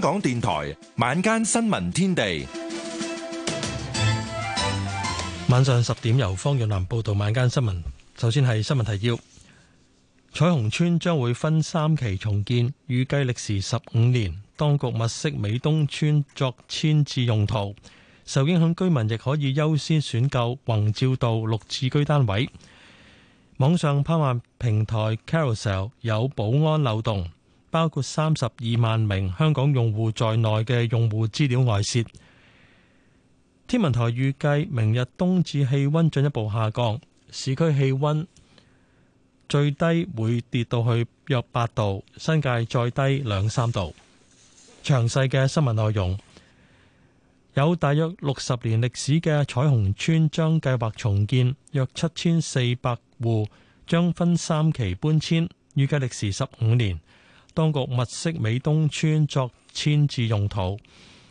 香港電台晚間新聞天地，晚上十點由方若南報道晚間新聞。首先係新聞提要：彩虹村將會分三期重建，預計歷時十五年。當局物色美東村作遷置用途，受影響居民亦可以優先選購宏照道六次居單位。網上拍賣平台 Carousel 有保安漏洞。包括三十二萬名香港用戶在內嘅用戶資料外泄。天文台預計明日冬至氣溫進一步下降，市區氣溫最低會跌到去約八度，新界再低兩三度。詳細嘅新聞內容，有大約六十年歷史嘅彩虹村將計劃重建約7，約七千四百戶將分三期搬遷，預計歷時十五年。當局物色美東邨作遷置用途，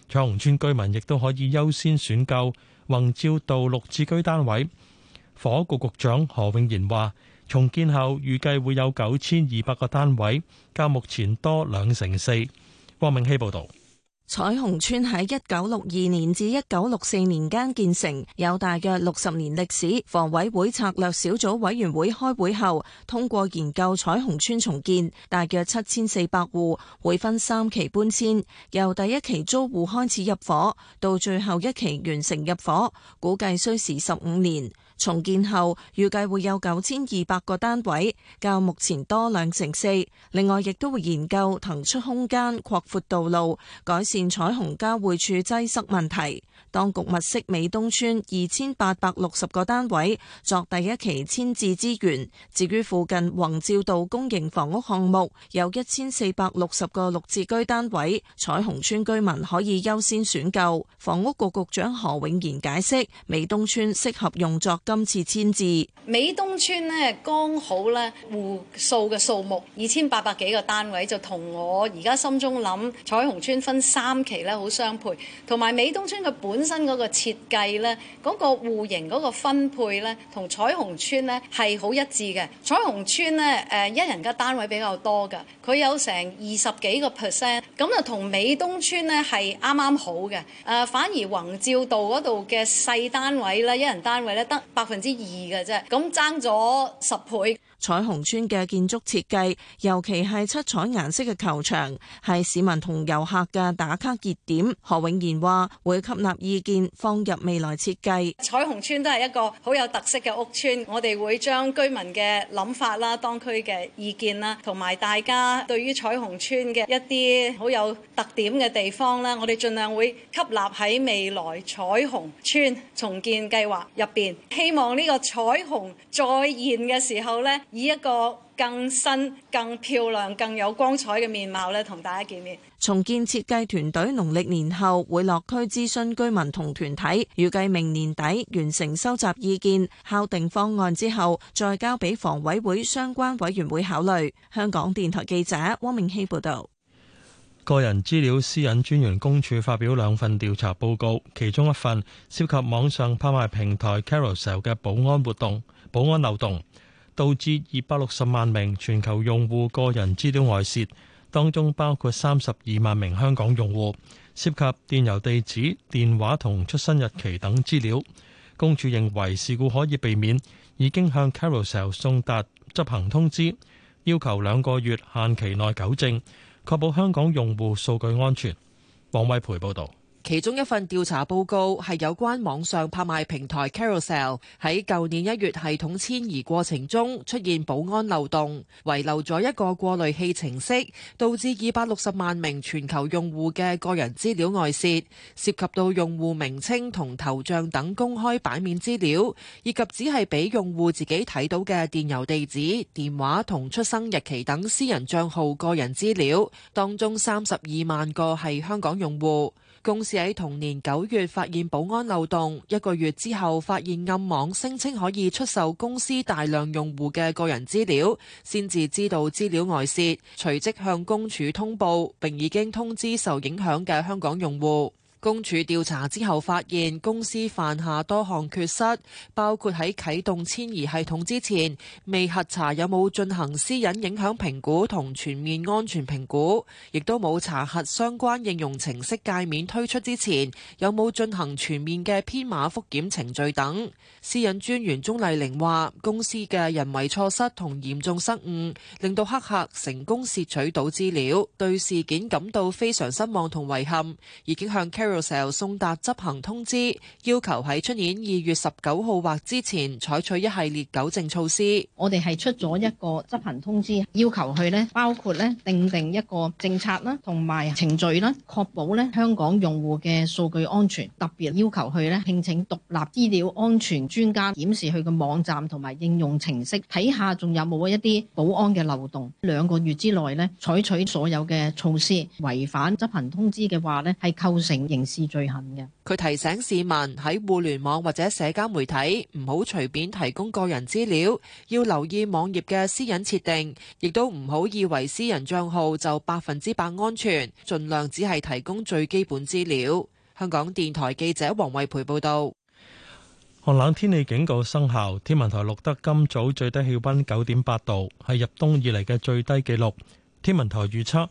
彩虹邨居民亦都可以優先選購宏照道綠置居單位。房局局長何永賢話：重建後預計會有九千二百個單位，較目前多兩成四。汪永熙報導。彩虹村喺一九六二年至一九六四年間建成，有大約六十年歷史。房委會策略小組委員會開會後，通過研究彩虹村重建，大約七千四百戶，會分三期搬遷，由第一期租戶開始入伙，到最後一期完成入伙，估計需時十五年。重建後預計會有九千二百個單位，較目前多兩成四。另外，亦都會研究騰出空間、擴闊道路、改善彩虹交匯處擠塞問題。當局物色美東村二千八百六十個單位作第一期遷置資源。至於附近宏照道公營房屋項目有一千四百六十個綠置居單位，彩虹村居民可以優先選購。房屋局局長何永賢解釋，美東村適合用作。今次簽字，美東村呢，剛好呢戶數嘅數目二千八百幾個單位，就同我而家心中諗彩虹村分三期呢，好相配，同埋美東村佢本身嗰個設計咧，嗰、嗰個戶型嗰個分配呢，同彩虹村呢係好一致嘅。彩虹村呢，誒一人嘅單位比較多㗎，佢有成二十幾個 percent，咁就同美東村呢係啱啱好嘅。誒反而宏照道嗰度嘅細單位呢，一人單位咧得。百分之二嘅啫，咁爭咗十倍。彩虹村嘅建築設計，尤其係七彩顏色嘅球場，係市民同遊客嘅打卡熱點。何永賢話：會吸納意見放入未來設計。彩虹村都係一個好有特色嘅屋村，我哋會將居民嘅諗法啦、當區嘅意見啦，同埋大家對於彩虹村嘅一啲好有特點嘅地方咧，我哋盡量會吸納喺未來彩虹村重建計劃入邊。希望呢個彩虹再現嘅時候呢，以一個更新、更漂亮、更有光彩嘅面貌咧，同大家見面。重建設計團隊農曆年後會落區諮詢居民同團體，預計明年底完成收集意見、敲定方案之後，再交俾房委會相關委員會考慮。香港電台記者汪明熙報導。個人資料私隱專員公署發表兩份調查報告，其中一份涉及網上拍賣平台 Carousel 嘅保安活動、保安漏洞。導致二百六十萬名全球用戶個人資料外泄，當中包括三十二萬名香港用戶，涉及電郵地址、電話同出生日期等資料。公署認為事故可以避免，已經向 Carousell 送達執行通知，要求兩個月限期內糾正，確保香港用戶數據安全。王惠培報導。其中一份調查報告係有關網上拍賣平台 Carousell 喺舊年一月系統遷移過程中出現保安漏洞，遺留咗一個過濾器程式，導致二百六十萬名全球用戶嘅個人資料外泄，涉及到用戶名稱同頭像等公開版面資料，以及只係俾用戶自己睇到嘅電郵地址、電話同出生日期等私人帳號個人資料。當中三十二萬個係香港用戶。公司喺同年九月發現保安漏洞，一個月之後發現暗網聲稱可以出售公司大量用戶嘅個人資料，先至知道資料外泄，隨即向公署通報，並已經通知受影響嘅香港用戶。公署調查之後發現公司犯下多項缺失，包括喺啟動遷移系統之前未核查有冇進行私隱影響評估同全面安全評估，亦都冇查核相關應用程式介面推出之前有冇進行全面嘅編碼復檢程序等。私隱專員鍾麗玲話：公司嘅人為錯失同嚴重失誤，令到黑客成功竊取到資料，對事件感到非常失望同遺憾，已經向、Car 石油送達執行通知，要求喺出年二月十九號或之前採取一系列糾正措施。我哋係出咗一個執行通知，要求佢咧，包括咧訂定一個政策啦，同埋程序啦，確保咧香港用戶嘅數據安全。特別要求佢咧聘請獨立資料安全專家檢視佢嘅網站同埋應用程式，睇下仲有冇一啲保安嘅漏洞。兩個月之內咧採取所有嘅措施，違反執行通知嘅話咧係構成刑。佢提醒市民喺互聯網或者社交媒體唔好隨便提供個人資料，要留意網頁嘅私隱設定，亦都唔好以為私人帳號就百分之百安全，盡量只係提供最基本資料。香港電台記者黃慧培報道。寒冷天氣警告生效，天文台錄得今早最低氣温九點八度，係入冬以嚟嘅最低紀錄。天文台預測。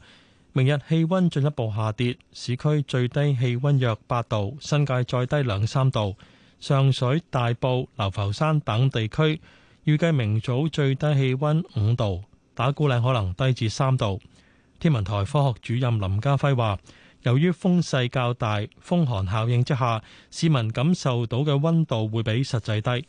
明日氣溫進一步下跌，市區最低氣溫約八度，新界再低兩三度。上水、大埔、流浮山等地區預計明早最低氣溫五度，打鼓嶺可能低至三度。天文台科學主任林家輝話，由於風勢較大，風寒效應之下，市民感受到嘅溫度會比實際低。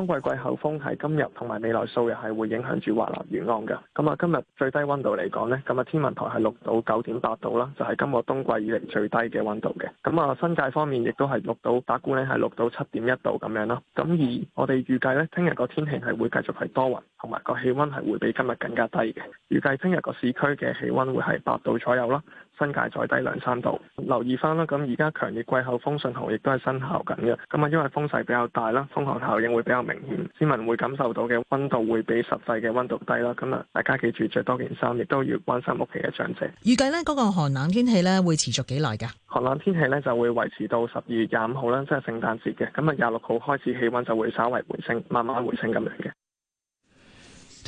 冬季季候風係今日同埋未來數日係會影響住華南沿岸嘅。咁啊，今日最低温度嚟講呢，咁啊天文台係錄到九點八度啦，就係、是、今個冬季以嚟最低嘅温度嘅。咁啊，新界方面亦都係錄到，打鼓嶺係錄到七點一度咁樣咯。咁而我哋預計呢，聽日個天氣係會繼續係多雲，同埋個氣温係會比今日更加低嘅。預計聽日個市區嘅氣温會係八度左右啦。新界再低兩三度，留意翻啦。咁而家強烈季候風信號亦都係生效緊嘅。咁啊，因為風勢比較大啦，風寒效應會比較明顯，市民會感受到嘅温度會比實際嘅温度低啦。咁啊，大家記住着多件衫，亦都要關心屋企嘅長者。預計呢嗰個寒冷天氣咧會持續幾耐㗎？寒冷天氣咧就會維持到十二月廿五號啦，即係聖誕節嘅。咁啊，廿六號開始氣温就會稍微回升，慢慢回升咁樣嘅。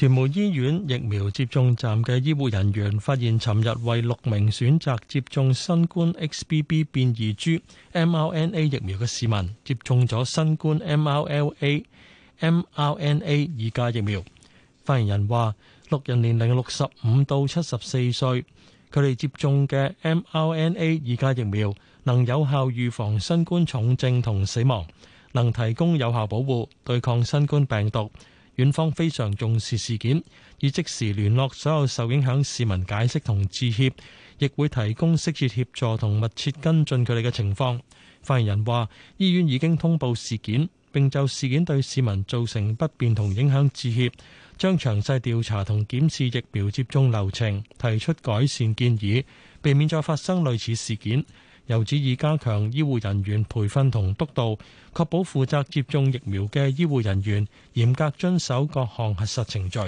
屯門醫院疫苗接種站嘅醫護人員發現，尋日為六名選擇接種新冠 XBB 變異株 mRNA 疫苗嘅市民接種咗新冠 mRNA mRNA 二價疫苗。發言人話：六人年齡六十五到七十四歲，佢哋接種嘅 mRNA 二價疫苗能有效預防新冠重症同死亡，能提供有效保護對抗新冠病毒。院方非常重視事件，以即時聯絡所有受影響市民解釋同致歉，亦會提供適切協助同密切跟進佢哋嘅情況。發言人話，醫院已經通報事件，並就事件對市民造成不便同影響致歉，將詳細調查同檢視疫苗接種流程，提出改善建議，避免再發生類似事件。又指以加強醫護人員培訓同督導，確保負責接種疫苗嘅醫護人員嚴格遵守各項核實程序。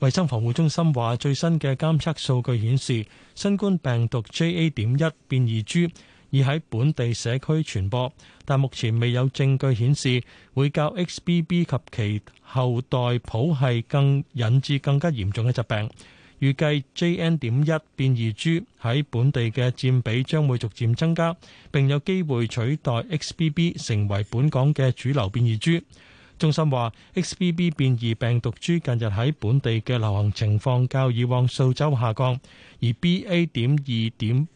衛生防護中心話，最新嘅監測數據顯示，新冠病毒 J.A. 點一變異株已喺本地社區傳播，但目前未有證據顯示會較 XBB 及其後代譜系更引致更加嚴重嘅疾病。預計 JN. 點一變異株喺本地嘅佔比將會逐漸增加，並有機會取代 XBB 成為本港嘅主流變異株。中心話，XBB 變異病毒株近日喺本地嘅流行情況較以往數週下降，而 BA. 點二點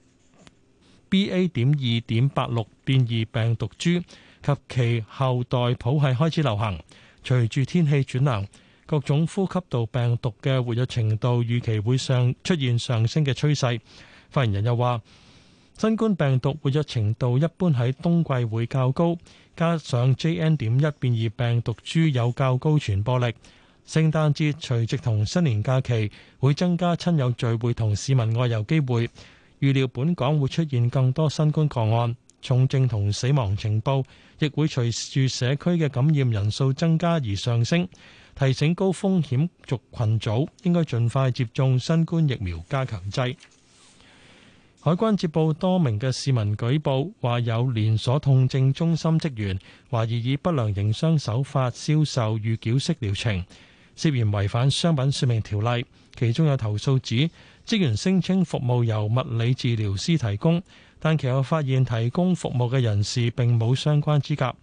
BA. 點二點八六變異病毒株及其後代譜系開始流行，隨住天氣轉涼。各種呼吸道病毒嘅活躍程度預期會上出現上升嘅趨勢。發言人又話：新冠病毒活躍程度一般喺冬季會較高，加上 JN. 點一變異病毒株有較高傳播力。聖誕節除夕同新年假期會增加親友聚會同市民外遊機會，預料本港會出現更多新冠個案，重症同死亡情報亦會隨住社區嘅感染人數增加而上升。提醒高風險族群組應該盡快接種新冠疫苗加強劑。海關接報多名嘅市民舉報，話有連鎖痛症中心職員懷疑以不良營商手法銷售預繳式療程，涉嫌違反商品説明條例。其中有投訴指職員聲稱服務由物理治療師提供，但其後發現提供服務嘅人士並冇相關資格。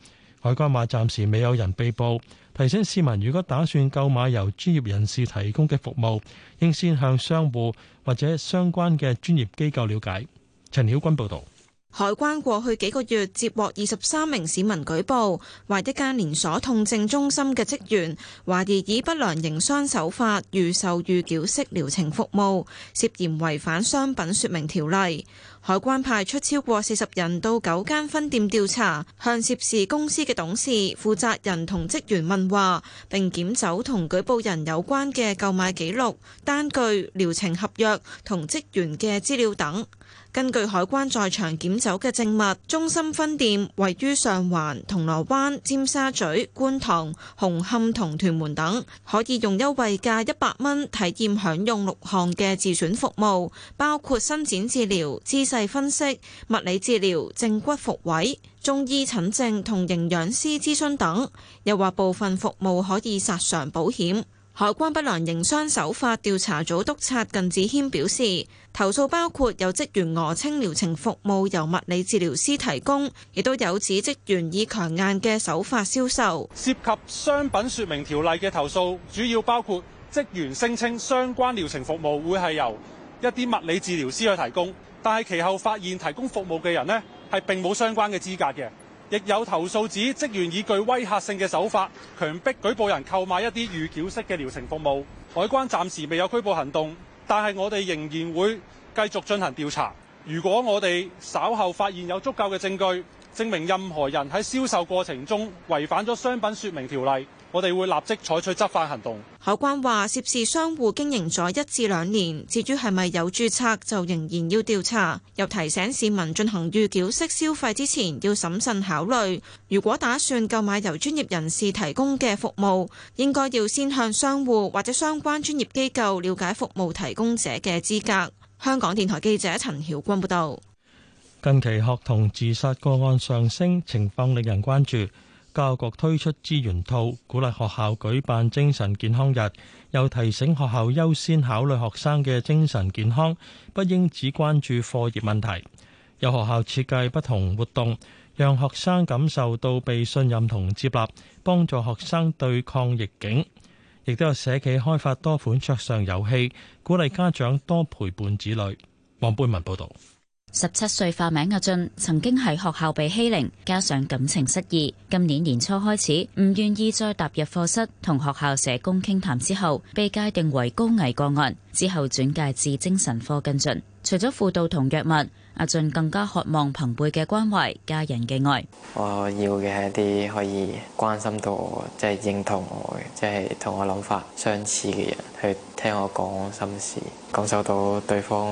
海關話暫時未有人被捕。提醒市民，如果打算購買由專業人士提供嘅服務，應先向商戶或者相關嘅專業機構了解。陳曉君報道。海關過去幾個月，接獲二十三名市民舉報，話一間連鎖痛症中心嘅職員懷疑以不良營商手法預售預繳式療程服務，涉嫌違反商品說明條例。海關派出超過四十人到九間分店調查，向涉事公司嘅董事、負責人同職員問話，並檢走同舉報人有關嘅購買記錄、單據、療程合約同職員嘅資料等。根據海關在場檢走嘅證物，中心分店位於上環、銅鑼灣、尖沙咀、觀塘、紅磡同屯門等，可以用優惠價一百蚊體驗享用六項嘅自選服務，包括伸展治療、姿勢分析、物理治療、正骨復位、中醫診症同營養師諮詢等。又話部分服務可以索償保險。海關不良營商手法調查組督察靳子謙表示，投訴包括有職員訛稱療程服務由物理治療師提供，亦都有指職員以強硬嘅手法銷售。涉及商品說明條例嘅投訴，主要包括職員聲稱相關療程服務會係由一啲物理治療師去提供，但係其後發現提供服務嘅人呢係並冇相關嘅資格嘅。亦有投訴指職員以具威嚇性嘅手法強迫舉報人購買一啲預繳式嘅療程服務。海關暫時未有拘捕行動，但係我哋仍然會繼續進行調查。如果我哋稍後發現有足夠嘅證據證明任何人喺銷售過程中違反咗商品說明條例，我哋會立即採取執法行動。海關話：涉事商戶經營咗一至兩年，至於係咪有註冊，就仍然要調查。又提醒市民進行預繳式消費之前，要審慎考慮。如果打算購買由專業人士提供嘅服務，應該要先向商戶或者相關專業機構了解服務提供者嘅資格。香港電台記者陳曉君報導。近期學童自殺個案上升，情況令人關注。教育局推出資源套，鼓勵學校舉辦精神健康日，又提醒學校優先考慮學生嘅精神健康，不應只關注課業問題，有學校設計不同活動，讓學生感受到被信任同接納，幫助學生對抗逆境。亦都有社企開發多款桌上遊戲，鼓勵家長多陪伴子女。黃貝文報道。十七歲化名阿俊，曾經喺學校被欺凌，加上感情失意，今年年初開始唔願意再踏入課室。同學校社工傾談之後，被界定為高危個案，之後轉介至精神科跟進。除咗輔導同藥物，阿俊更加渴望朋輩嘅關懷、家人嘅愛。我要嘅係一啲可以關心到我、即係認同我、即係同我諗法相似嘅人去。聽我講心事，感受到對方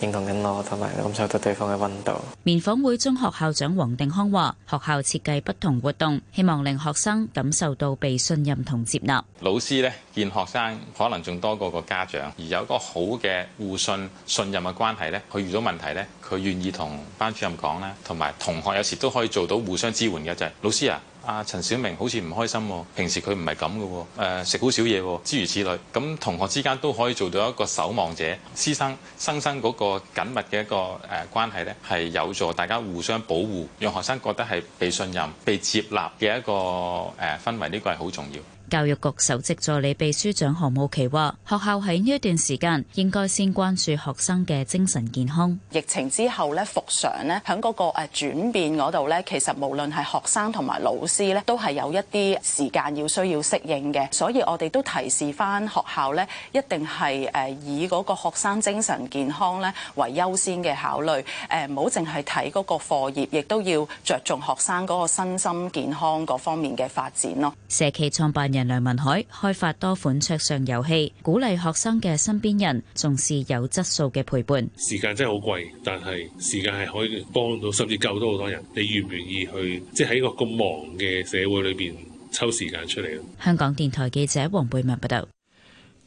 認同緊我，同埋感受到對方嘅温度。棉紡會中學校長黃定康話：學校設計不同活動，希望令學生感受到被信任同接納。老師呢，見學生可能仲多過個家長，而有一個好嘅互信信任嘅關係呢，佢遇到問題呢，佢願意同班主任講啦，同埋同學有時都可以做到互相支援嘅就係老師啊。阿陳小明好似唔開心，平時佢唔係咁嘅，誒食好少嘢，諸如此類。咁同學之間都可以做到一個守望者，師生,生生生嗰個緊密嘅一個誒關係呢，係有助大家互相保護，讓學生覺得係被信任、被接納嘅一個誒氛圍，呢、呢個係好重要。教育局首席助理秘書長何慕琪話：學校喺呢一段時間應該先關注學生嘅精神健康。疫情之後咧復常咧，響嗰個誒轉變嗰度咧，其實無論係學生同埋老師咧，都係有一啲時間要需要適應嘅。所以我哋都提示翻學校咧，一定係誒以嗰個學生精神健康咧為優先嘅考慮。誒唔好淨係睇嗰個課業，亦都要着重學生嗰個身心健康嗰方面嘅發展咯。社企創辦人。梁文海開發多款桌上遊戲，鼓勵學生嘅身邊人重視有質素嘅陪伴。時間真係好貴，但係時間係可以幫到，甚至救到好多人。你願唔願意去？即係喺一個咁忙嘅社會裏邊，抽時間出嚟？香港電台記者黃貝文報道：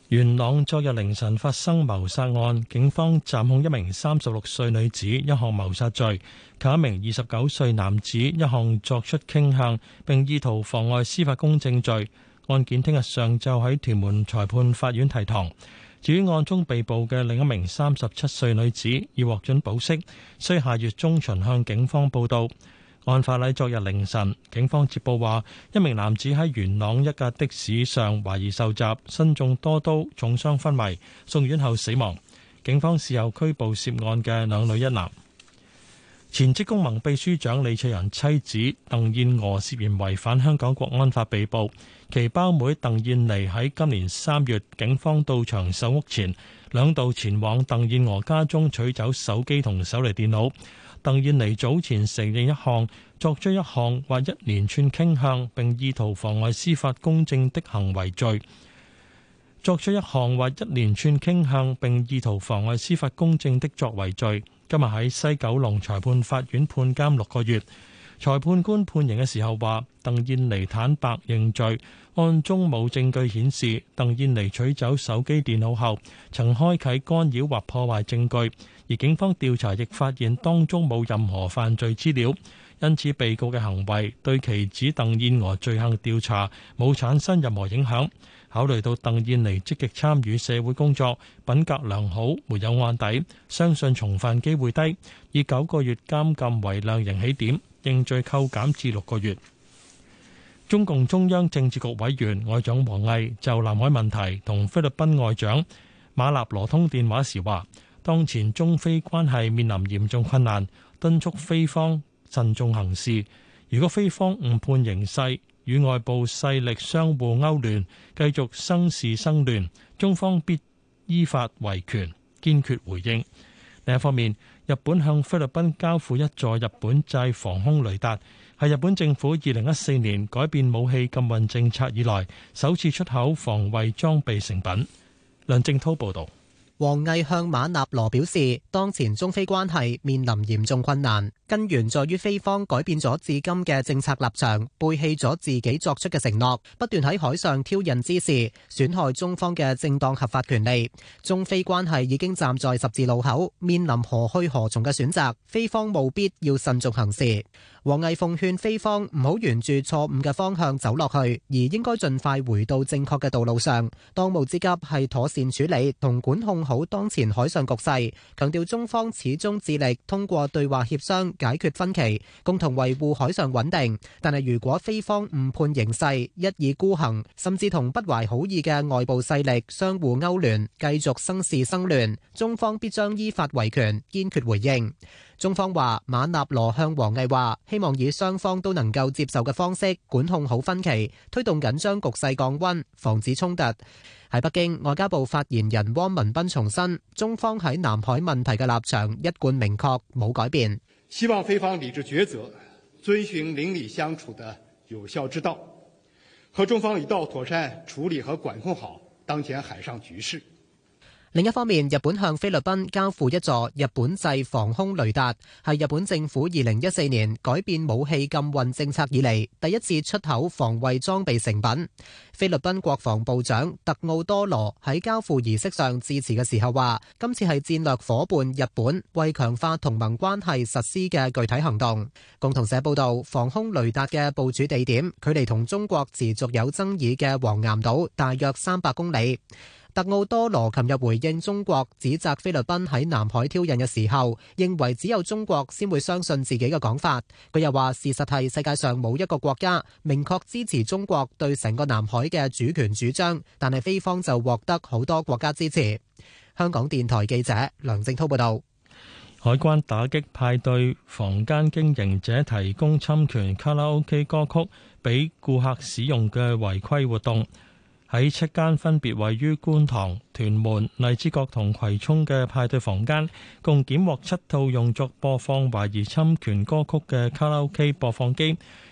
元朗昨日凌晨發生謀殺案，警方暫控一名三十六歲女子一項謀殺罪，及一名二十九歲男子一項作出傾向並意圖妨礙司法公正罪。案件聽日上晝喺屯門裁判法院提堂。至於案中被捕嘅另一名三十七歲女子，已獲准保釋，需下月中旬向警方報到。案發喺昨日凌晨，警方接報話一名男子喺元朗一架的士上懷疑受襲，身中多刀，重傷昏迷，送院後死亡。警方事後拘捕涉案嘅兩女一男。前職工盟秘書長李卓人妻子鄧燕娥涉嫌違反香港國安法被捕。其胞妹鄧燕妮喺今年三月，警方到場搜屋前，兩度前往鄧燕娥家中取走手機同手提電腦。鄧燕妮早前承認一項作出一項或一連串傾向，並意圖妨礙司法公正的行為罪；作出一項或一連串傾向，並意圖妨礙司法公正的作為罪。今日喺西九龍裁判法院判監六個月。裁判官判刑嘅時候話，鄧燕妮坦白認罪。案中冇證據顯示鄧燕妮取走手機電腦後，曾開啓干擾或破壞證據，而警方調查亦發現當中冇任何犯罪資料，因此被告嘅行為對其指鄧燕娥罪行調查冇產生任何影響。考慮到鄧燕妮積極參與社會工作，品格良好，沒有案底，相信重犯機會低，以九個月監禁為量刑起點，認罪扣減至六個月。中共中央政治局委員外長王毅就南海問題同菲律賓外長馬納羅通電話時話，當前中菲關係面臨嚴重困難，敦促菲方慎重行事。如果菲方誤判形勢，與外部勢力相互勾聯，繼續生事生亂，中方必依法維權，堅決回應。另一方面，日本向菲律賓交付一座日本製防空雷達。係日本政府二零一四年改變武器禁運政策以來，首次出口防衛裝備成品。梁正滔報導。王毅向馬納羅表示，當前中非關係面臨嚴重困難，根源在於菲方改變咗至今嘅政策立場，背棄咗自己作出嘅承諾，不斷喺海上挑釁之事，損害中方嘅正當合法權利。中菲關係已經站在十字路口，面臨何去何從嘅選擇，菲方務必要慎重行事。王毅奉勸菲方唔好沿住錯誤嘅方向走落去，而應該盡快回到正確嘅道路上。當務之急係妥善處理同管控。好當前海上局勢，強調中方始終致力通過對話協商解決分歧，共同維護海上穩定。但係如果菲方誤判形勢，一意孤行，甚至同不懷好意嘅外部勢力相互勾連，繼續生事生亂，中方必將依法維權，堅決回應。中方話馬納羅向王毅話，希望以雙方都能夠接受嘅方式管控好分歧，推動緊張局勢降溫，防止衝突。喺北京，外交部發言人汪文斌重申，中方喺南海問題嘅立場一貫明確，冇改變。希望菲方理智抉擇，遵循鄰里相處的有效之道，和中方一道妥善處理和管控好當前海上局勢。另一方面，日本向菲律賓交付一座日本製防空雷達，係日本政府二零一四年改變武器禁運政策以嚟第一次出口防衛裝備成品。菲律賓國防部長特奧多羅喺交付儀式上致辭嘅時候話，今次係戰略夥伴日本為強化同盟關係實施嘅具體行動。共同社報道，防空雷達嘅部署地點距離同中國持續有爭議嘅黃岩島大約三百公里。特奧多羅琴日回應中國指責菲律賓喺南海挑釁嘅時候，認為只有中國先會相信自己嘅講法。佢又話：事實係世界上冇一個國家明確支持中國對成個南海嘅主權主張，但係菲方就獲得好多國家支持。香港電台記者梁正滔報道。海關打擊派對房間經營者提供侵權卡拉 OK 歌曲俾顧客使用嘅違規活動。喺七間分別位於觀塘、屯門、荔枝角同葵涌嘅派對房間，共檢獲七套用作播放懷疑侵權歌曲嘅卡拉 OK 播放機，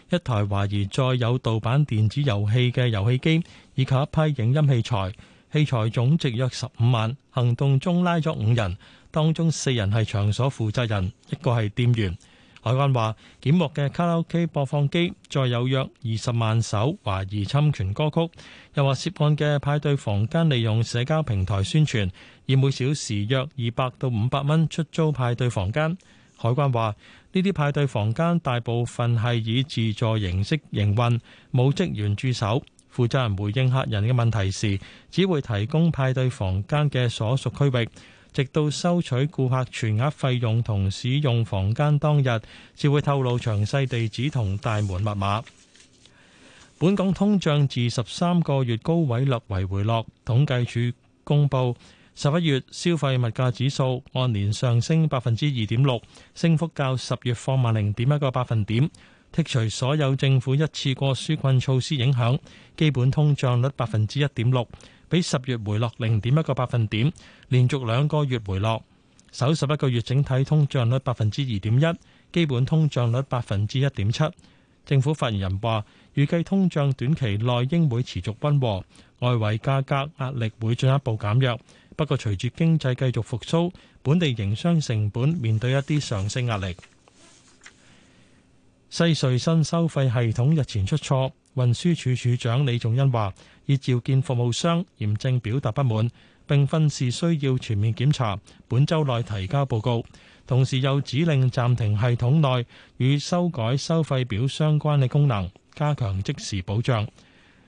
一台懷疑再有盜版電子遊戲嘅遊戲機，以及一批影音器材。器材總值約十五萬。行動中拉咗五人，當中四人係場所負責人，一個係店員。海關話：檢獲嘅卡拉 OK 播放機載有約二十萬首懷疑侵權歌曲。又話涉案嘅派對房間利用社交平台宣傳，以每小時約二百到五百蚊出租派對房間。海關話：呢啲派對房間大部分係以自助形式營運，冇職員駐守。負責人回應客人嘅問題時，只會提供派對房間嘅所屬區域。直到收取顧客全額費用同使用房間當日，才會透露詳細地址同大門密碼。本港通脹自十三個月高位略為回落。統計處公布十一月消費物價指數按年上升百分之二點六，升幅較十月放慢零點一個百分點。剔除所有政府一次過紓困措施影響，基本通脹率百分之一點六。比十月回落零點一個百分點，連續兩個月回落。首十一個月整體通脹率百分之二點一，基本通脹率百分之一點七。政府發言人話：預計通脹短期內應會持續温和，外圍價格壓力會進一步減弱。不過，隨住經濟繼續復蘇，本地營商成本面對一啲上升壓力。西隧新收費系統日前出錯，運輸署署長李仲恩話。已召見服務商，嚴正表達不滿，並訓示需要全面檢查，本周內提交報告，同時又指令暫停系統內，與修改收費表相關的功能，加強即時保障。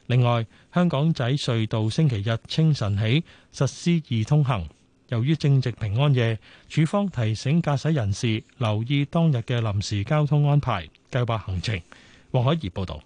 另外，香港仔隧道星期日清晨起，實施易通行。由於正值平安夜，處方提醒駕駛人士，留意當日的臨時交通安排，計劃行程。黃海怡報導。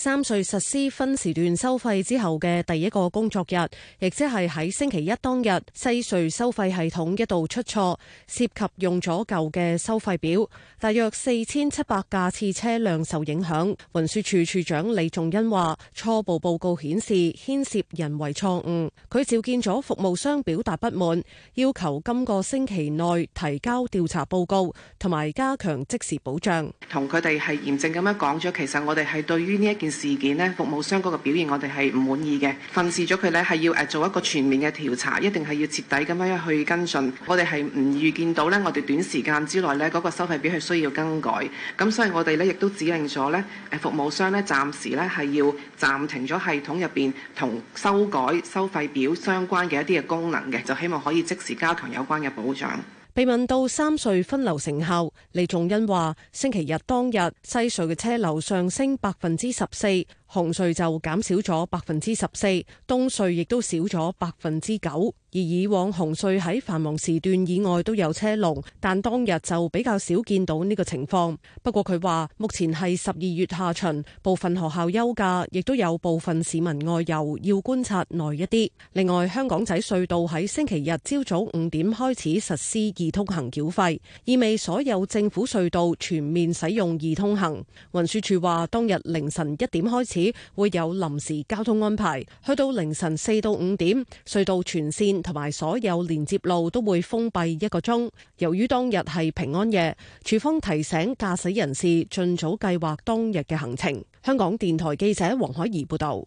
三隧實施分時段收費之後嘅第一個工作日，亦即係喺星期一當日，西隧收費系統一度出錯，涉及用咗舊嘅收費表，大約四千七百架次車輛受影響。運輸署署長李頌恩話：初步報告顯示牽涉人為錯誤。佢召見咗服務商表達不滿，要求今個星期內提交調查報告，同埋加強即時保障。同佢哋係嚴正咁樣講咗，其實我哋係對於呢一件。件事件呢，服務商嗰個表現我，我哋係唔滿意嘅，訓示咗佢呢，係要誒做一個全面嘅調查，一定係要徹底咁樣去跟進。我哋係唔預見到呢，我哋短時間之內呢，嗰個收費表係需要更改，咁所以我哋呢亦都指令咗呢，誒服務商呢暫時呢係要暫停咗系統入邊同修改收費表相關嘅一啲嘅功能嘅，就希望可以即時加強有關嘅保障。被問到三隧分流成效，李仲恩話：星期日當日西隧嘅車流上升百分之十四。紅隧就減少咗百分之十四，東隧亦都少咗百分之九。而以往紅隧喺繁忙時段以外都有車龍，但當日就比較少見到呢個情況。不過佢話目前係十二月下旬，部分學校休假，亦都有部分市民外遊，要觀察耐一啲。另外，香港仔隧道喺星期日朝早五點開始實施易通行繳費，意味所有政府隧道全面使用易通行。運輸署話當日凌晨一點開始。會有臨時交通安排，去到凌晨四到五點，隧道全線同埋所有連接路都會封閉一個鐘。由於當日係平安夜，署方提醒駕駛人士盡早計劃當日嘅行程。香港電台記者黃海怡報道。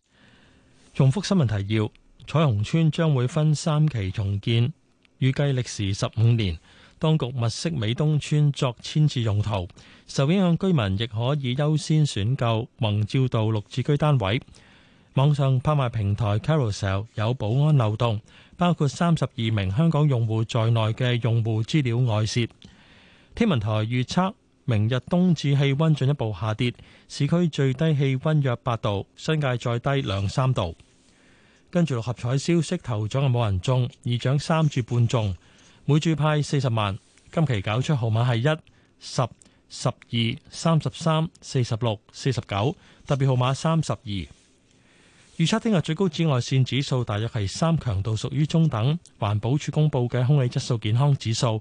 重複新聞提要：彩虹村將會分三期重建，預計歷時十五年。當局物色美東村作遷置用途，受影響居民亦可以優先選購蒙照道綠置居單位。網上拍賣平台 Carousel 有保安漏洞，包括三十二名香港用戶在內嘅用戶資料外泄。天文台預測明日冬至氣温進一步下跌，市區最低氣温約八度，新界再低兩三度。跟住六合彩消息，頭獎冇人中，二獎三注半中。每注派四十萬，今期搞出號碼係一十十二三十三四十六四十九，特別號碼三十二。預測聽日最高紫外線指數大約係三，強度屬於中等。環保署公布嘅空氣質素健康指數，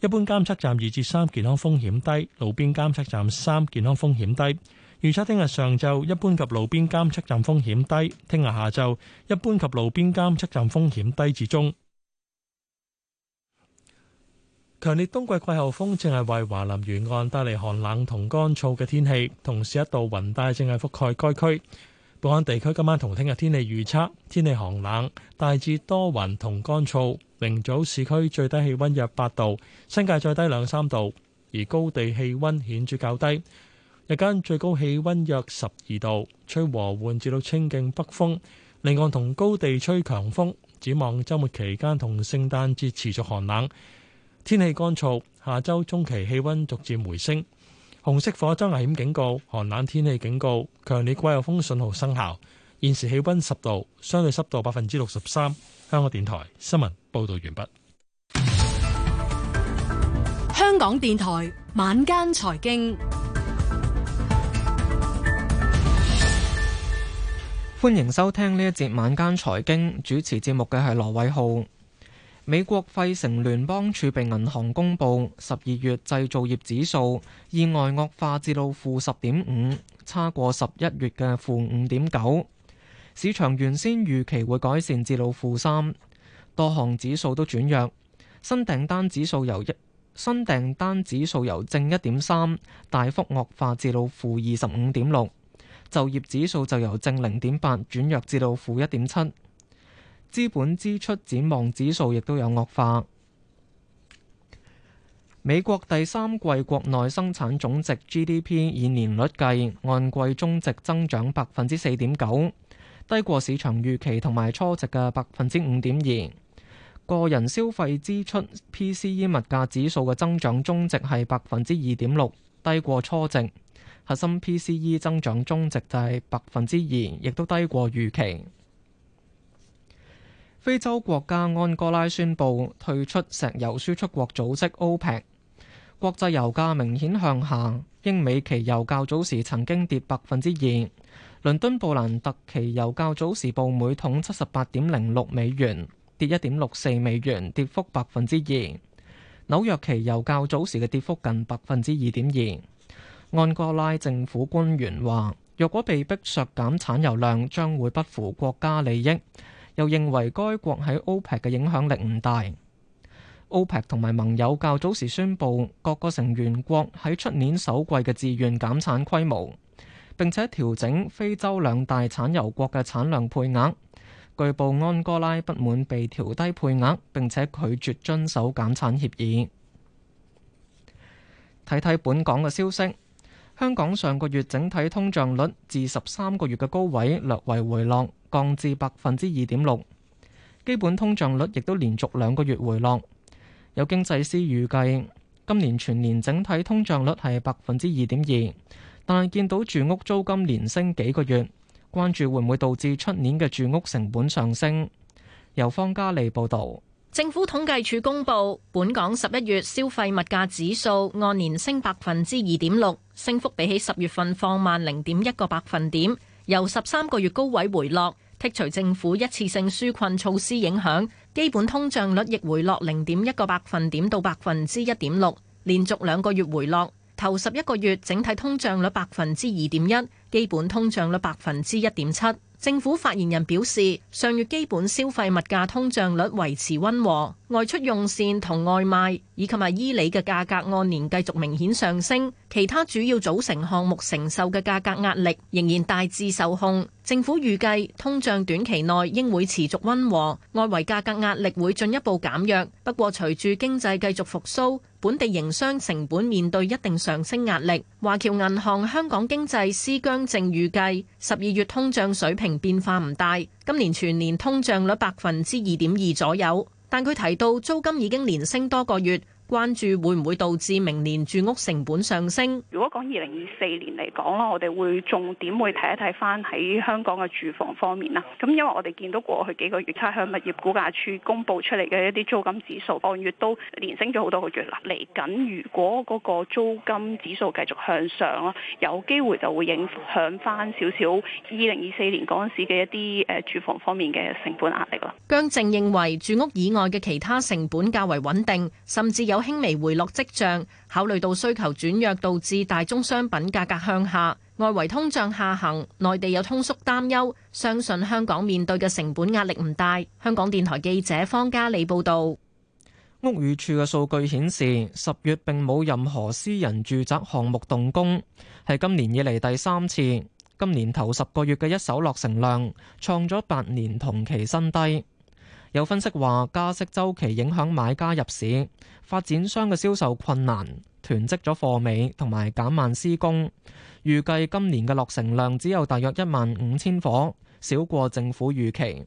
一般監測站二至三，健康風險低；路邊監測站三，健康風險低。預測聽日上晝一般及路邊監測站風險低，聽日下晝一般及路邊監測站風險低至中。強烈冬季季候風正係為華南沿岸帶嚟寒冷同乾燥嘅天氣，同時一道雲帶正係覆蓋該區。本港地區今晚同聽日天氣預測，天氣寒冷，大致多雲同乾燥。明早市區最低氣溫約八度，新界再低兩三度，而高地氣溫顯著較低。日間最高氣溫約十二度，吹和緩至到清勁北風。離岸同高地吹強風，展望週末期間同聖誕節持續寒冷。天氣乾燥，下周中期氣溫逐漸回升。紅色火災危險警告，寒冷天氣警告，強烈季候風信號生效。現時氣溫十度，相對濕度百分之六十三。香港電台新聞報道完畢。香港電台晚間財經，歡迎收聽呢一節晚間財經，主持節目嘅係羅偉浩。美國費城聯邦儲備銀行公佈十二月製造業指數意外惡化至到負十點五，5，差過十一月嘅負五點九。市場原先預期會改善至到負三，多項指數都轉弱。新訂單指數由一，新訂單指數由正一點三大幅惡化至到負二十五點六。就業指數就由正零點八轉弱至到負一點七。資本支出展望指數亦都有惡化。美國第三季國內生產總值 GDP 以年率計，按季中值增長百分之四點九，低過市場預期同埋初值嘅百分之五點二。個人消費支出 PCE 物價指數嘅增長中值係百分之二點六，低過初值。核心 PCE 增長中值就係百分之二，亦都低過預期。非洲國家安哥拉宣布退出石油輸出國組織 OPEC，國際油價明顯向下。英美期油較早時曾經跌百分之二，倫敦布蘭特期油較早時報每桶七十八點零六美元，跌一點六四美元，跌幅百分之二。紐約期油較早時嘅跌幅近百分之二點二。安哥拉政府官員話：若果被逼削減產油量，將會不符國家利益。又認為該國喺 OPEC 嘅影響力唔大。OPEC 同埋盟友較早時宣布各個成員國喺出年首季嘅自願減產規模，並且調整非洲兩大產油國嘅產量配額。據報安哥拉不滿被調低配額，並且拒絕遵守減產協議。睇睇本港嘅消息。香港上個月整體通脹率自十三個月嘅高位，略為回落，降至百分之二點六。基本通脹率亦都連續兩個月回落。有經濟師預計今年全年整體通脹率係百分之二點二，但係見到住屋租金連升幾個月，關注會唔會導致出年嘅住屋成本上升。由方嘉利報道，政府統計處公布，本港十一月消費物價指數按年升百分之二點六。升幅比起十月份放慢零點一個百分點，由十三個月高位回落。剔除政府一次性紓困措施影響，基本通脹率亦回落零點一個百分點到百分之一點六，連續兩個月回落。頭十一個月整體通脹率百分之二點一，基本通脹率百分之一點七。政府發言人表示，上月基本消費物價通脹率維持溫和。外出用膳同外賣以及埋衣履嘅價格按年繼續明顯上升，其他主要組成項目承受嘅價格壓力仍然大致受控。政府預計通脹短期內應會持續溫和，外圍價格壓力會進一步減弱。不過，隨住經濟繼續復甦，本地營商成本面對一定上升壓力。華僑銀行香港經濟師姜正預計十二月通脹水平變化唔大，今年全年通脹率百分之二點二左右。但佢提到租金已經連升多個月，關注會唔會導致明年住屋成本上升？如果講二零二四年嚟講咯，我哋會重點會睇一睇翻喺香港嘅住房方面啦。咁因為我哋見到過去幾個月，差餉物業估價處公布出嚟嘅一啲租金指數，按月都連升咗好多個月啦。嚟緊如果嗰個租金指數繼續向上咯，有機會就會影響翻少少二零二四年嗰陣時嘅一啲誒住房方面嘅成本壓力啦。姜正認為住屋以外嘅其他成本較為穩定，甚至有，有輕微回落跡象，考慮到需求轉弱導致大宗商品價格向下，外圍通脹下行，內地有通縮擔憂，相信香港面對嘅成本壓力唔大。香港電台記者方嘉莉報道，屋宇署嘅數據顯示，十月並冇任何私人住宅項目動工，係今年以嚟第三次。今年頭十個月嘅一手落成量創咗八年同期新低。有分析話，加息周期影響買家入市，發展商嘅銷售困難，囤積咗貨尾，同埋減慢施工。預計今年嘅落成量只有大約一萬五千夥，少過政府預期。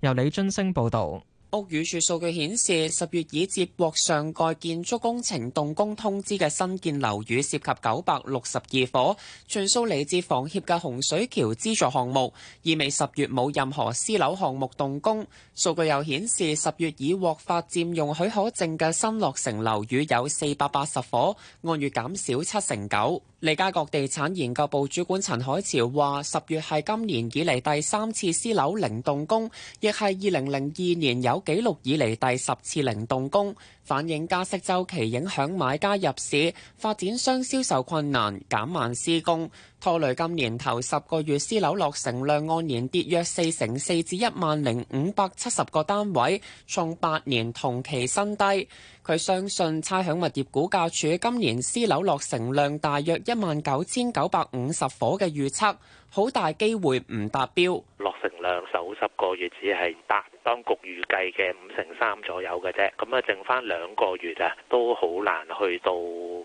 由李津升報導。屋宇署數據顯示，十月已接獲上蓋建築工程動工通知嘅新建樓宇涉及九百六十二伙，盡數嚟自房協嘅洪水橋資助項目，意味十月冇任何私樓項目動工。數據又顯示，十月已獲發佔用許可證嘅新落成樓宇有四百八十伙，按月減少七成九。利嘉閣地產研究部主管陳海潮話：十月係今年以嚟第三次私樓零動工，亦係二零零二年有紀錄以嚟第十次零動工，反映加息周期影響買家入市，發展商銷售困難，減慢施工，拖累今年頭十個月私樓落成量按年跌約四成四至一萬零五百七十個單位，創八年同期新低。佢相信差餉物業估價署今年私樓落成量大約一萬九千九百五十伙嘅預測，好大機會唔達標，落成量首十個月只係達當局預計嘅五成三左右嘅啫，咁啊剩返兩個月啊都好難去到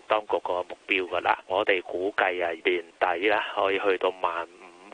當局個目標㗎喇，我哋估計啊年底咧可以去到萬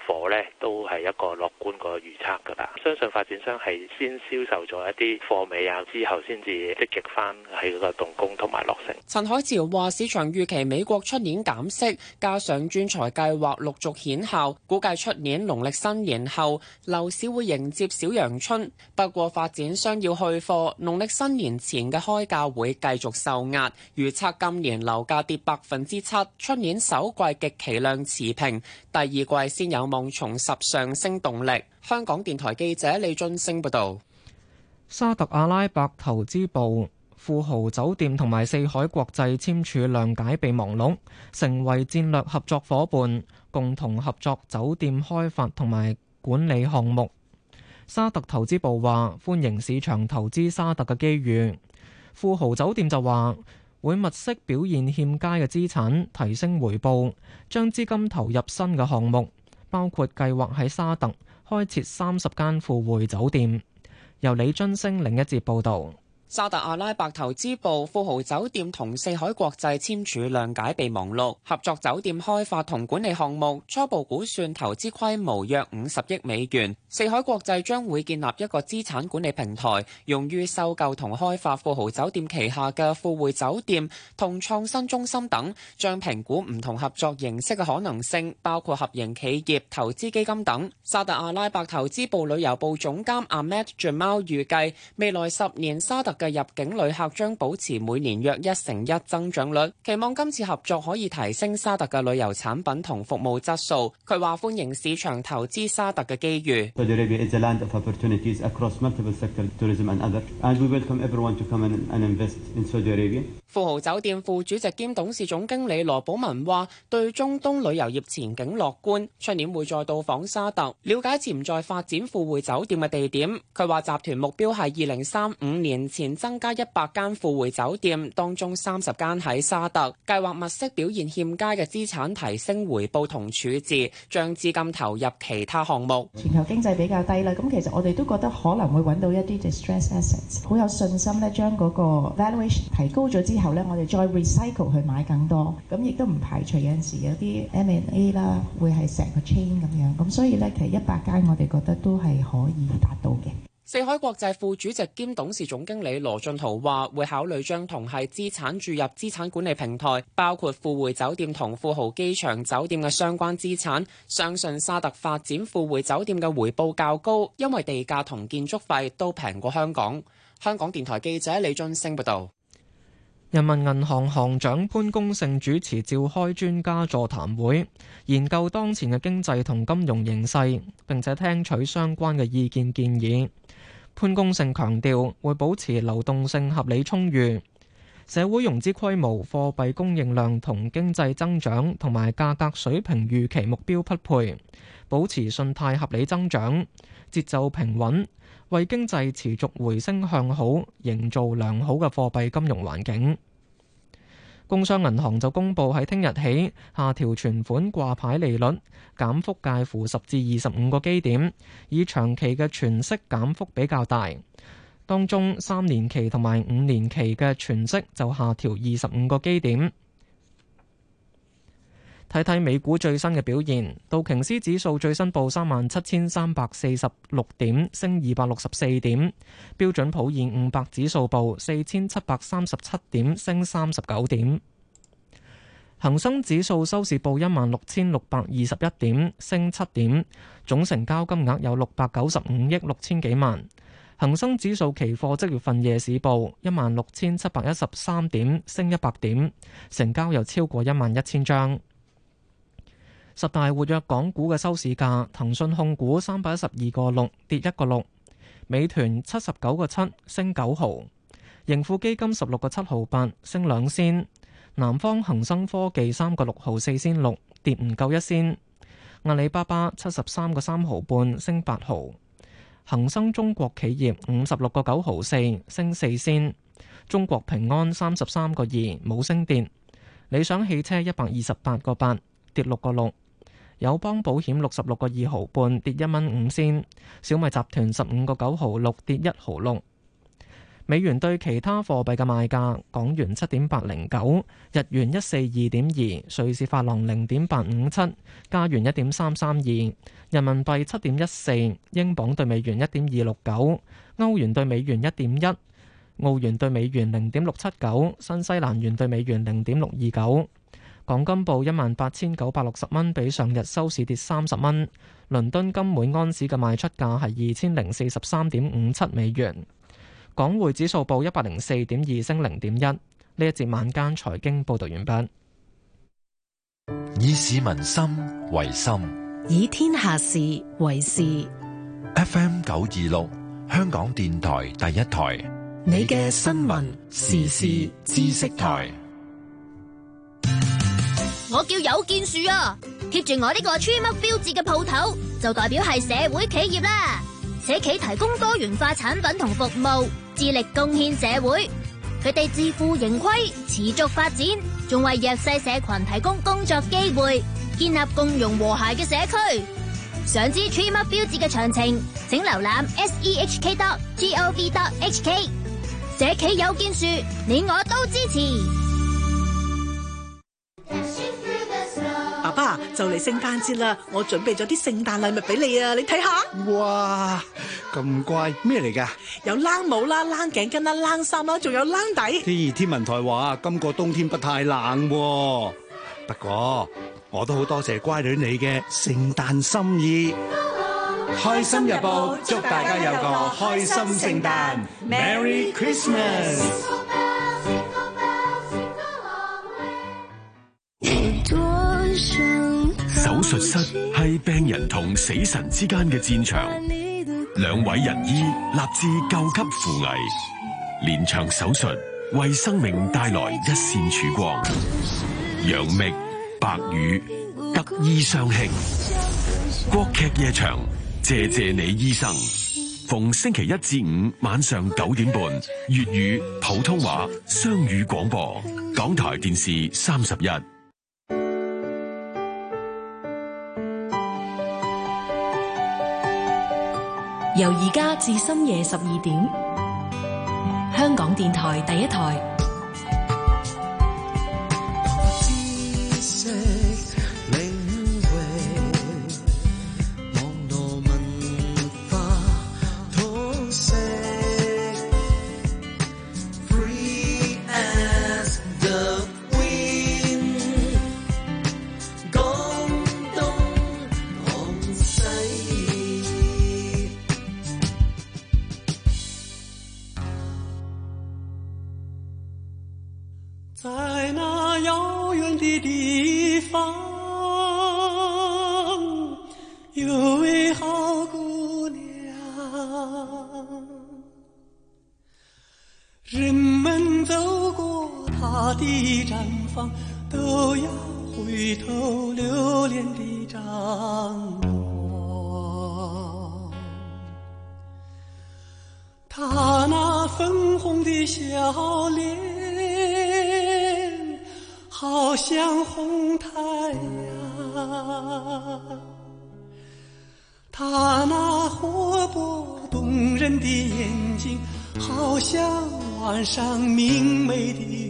貨咧都係一個樂觀個預測噶啦，相信發展商係先銷售咗一啲貨尾啊，之後先至積極翻喺個動工同埋落成。陳海潮話：市場預期美國出年減息，加上專才計劃陸續顯效，估計出年農曆新年後樓市會迎接小陽春。不過發展商要去貨，農曆新年前嘅開價會繼續受壓。預測今年樓價跌百分之七，出年首季極其量持平，第二季先有。望重拾上升動力。香港電台記者李俊升報道。沙特阿拉伯投資部富豪酒店同埋四海國際簽署諒解備忘錄，成為戰略合作夥伴，共同合作酒店開發同埋管理項目。沙特投資部話歡迎市場投資沙特嘅機遇，富豪酒店就話會物色表現欠佳嘅資產，提升回報，將資金投入新嘅項目。包括計劃喺沙特開設三十間富匯酒店。由李津星另一節報道。沙特阿拉伯投資部、富豪酒店同四海國際簽署諒解備忘錄，合作酒店開發同管理項目，初步估算投資規模約五十億美元。四海國際將會建立一個資產管理平台，用於收購同開發富豪酒店旗下嘅富匯酒店同創新中心等，將評估唔同合作形式嘅可能性，包括合營企業投資基金等。沙特阿拉伯投資部、旅遊部總監 Ahmed Jamal 預計未來十年沙特入境旅客將保持每年約一成一增長率，期望今次合作可以提升沙特嘅旅遊產品同服務質素。佢話歡迎市場投資沙特嘅機遇。富豪酒店副主席兼董事總經理羅寶文話，對中東旅遊業前景樂觀，出年會再到訪沙特，了解潛在發展富薈酒店嘅地點，佢話集團目標係二零三五年前增加一百間富薈酒店，當中三十間喺沙特。計劃物色表現欠佳嘅資產提升回報同處置，將資金投入其他項目。全球經濟比較低啦，咁其實我哋都覺得可能會揾到一啲 distress assets，好有信心咧，將嗰個 valuation 提高咗之後。後咧，我哋再 recycle 去買更多，咁亦都唔排除有陣時有啲 M&A m 啦，會係成個 chain 咁樣。咁所以咧，其實一百間我哋覺得都係可以達到嘅。四海國際副主席兼董事總經理羅俊滔話，會考慮將同系資產注入資產管理平台，包括富匯酒店同富豪機場酒店嘅相關資產。相信沙特發展富匯酒店嘅回報較高，因為地價同建築費都平過香港。香港電台記者李俊升報道。人民銀行行長潘功勝主持召開專家座談會，研究當前嘅經濟同金融形勢，並且聽取相關嘅意見建議。潘功勝強調，會保持流動性合理充裕，社會融資規模、貨幣供應量同經濟增長同埋價格水平預期目標匹配，保持信貸合理增長，節奏平穩。為經濟持續回升向好，營造良好嘅貨幣金融環境，工商銀行就公布喺聽日起下調存款掛牌利率，減幅介乎十至二十五個基點，以長期嘅存息減幅比較大，當中三年期同埋五年期嘅存息就下調二十五個基點。睇睇美股最新嘅表現，道瓊斯指數最新報三萬七千三百四十六點，升二百六十四點；標準普爾五百指數報四千七百三十七點，升三十九點；恒生指數收市報一萬六千六百二十一點，升七點。總成交金額有六百九十五億六千幾萬。恒生指數期貨即月份夜市報一萬六千七百一十三點，升一百點，成交又超過一萬一千張。十大活躍港股嘅收市價騰訊控股三百一十二個六跌一個六，美團七十九個七升九毫，盈富基金十六個七毫八升兩仙，南方恒生科技三個六毫四仙六跌唔夠一仙，阿里巴巴七十三個三毫半升八毫，恒生中國企業五十六個九毫四升四仙，中國平安三十三個二冇升跌，理想汽車一百二十八個八跌六個六。友邦保險六十六個二毫半，跌一蚊五仙。小米集團十五個九毫六，跌一毫六。美元對其他貨幣嘅賣價：港元七點八零九，日元一四二點二，瑞士法郎零點八五七，加元一點三三二，人民幣七點一四，英鎊對美元一點二六九，歐元對美元一點一，澳元對美元零點六七九，新西蘭元對美元零點六二九。港金報一萬八千九百六十蚊，比上日收市跌三十蚊。倫敦金每安士嘅賣出價係二千零四十三點五七美元。港匯指數報一百零四點二，升零點一。呢一節晚間財經報道完畢。以市民心為心，以天下事為事。FM 九二六，香港電台第一台。你嘅新聞時事知識台。我叫有建樹啊！貼住我呢個 Tree Mark 標誌嘅鋪頭，就代表係社會企業啦。社企提供多元化產品同服務，致力貢獻社會。佢哋自負盈虧，持續發展，仲為弱勢社群提供工作機會，建立共融和諧嘅社區。想知 Tree Mark 標誌嘅詳情，請瀏覽 s e h k dot g o v dot h k。社企有建樹，你我都支持。 就嚟聖誕節啦，我準備咗啲聖誕禮物俾你啊，你睇下。哇，咁乖，咩嚟㗎？有冷帽啦，冷頸巾啦，冷衫啦，仲有冷底。天文台話，今個冬天不太冷啊，不過我都好多謝乖女你嘅聖誕心意，開心日報祝大家有個開心聖誕，Merry Christmas。病人同死神之間嘅戰場，兩位仁醫立志救急扶危，連場手術為生命帶來一線曙光。楊冪、白宇得意相慶，國劇夜場，謝謝你醫生。逢星期一至五晚上九點半，粵語、普通話雙語廣播，港台電視三十一。由而家至深夜十二點，香港電台第一台。方都要回頭留戀的張望。他那粉紅的笑臉好像紅太陽，他那活潑動人的眼睛，好像晚上明媚的。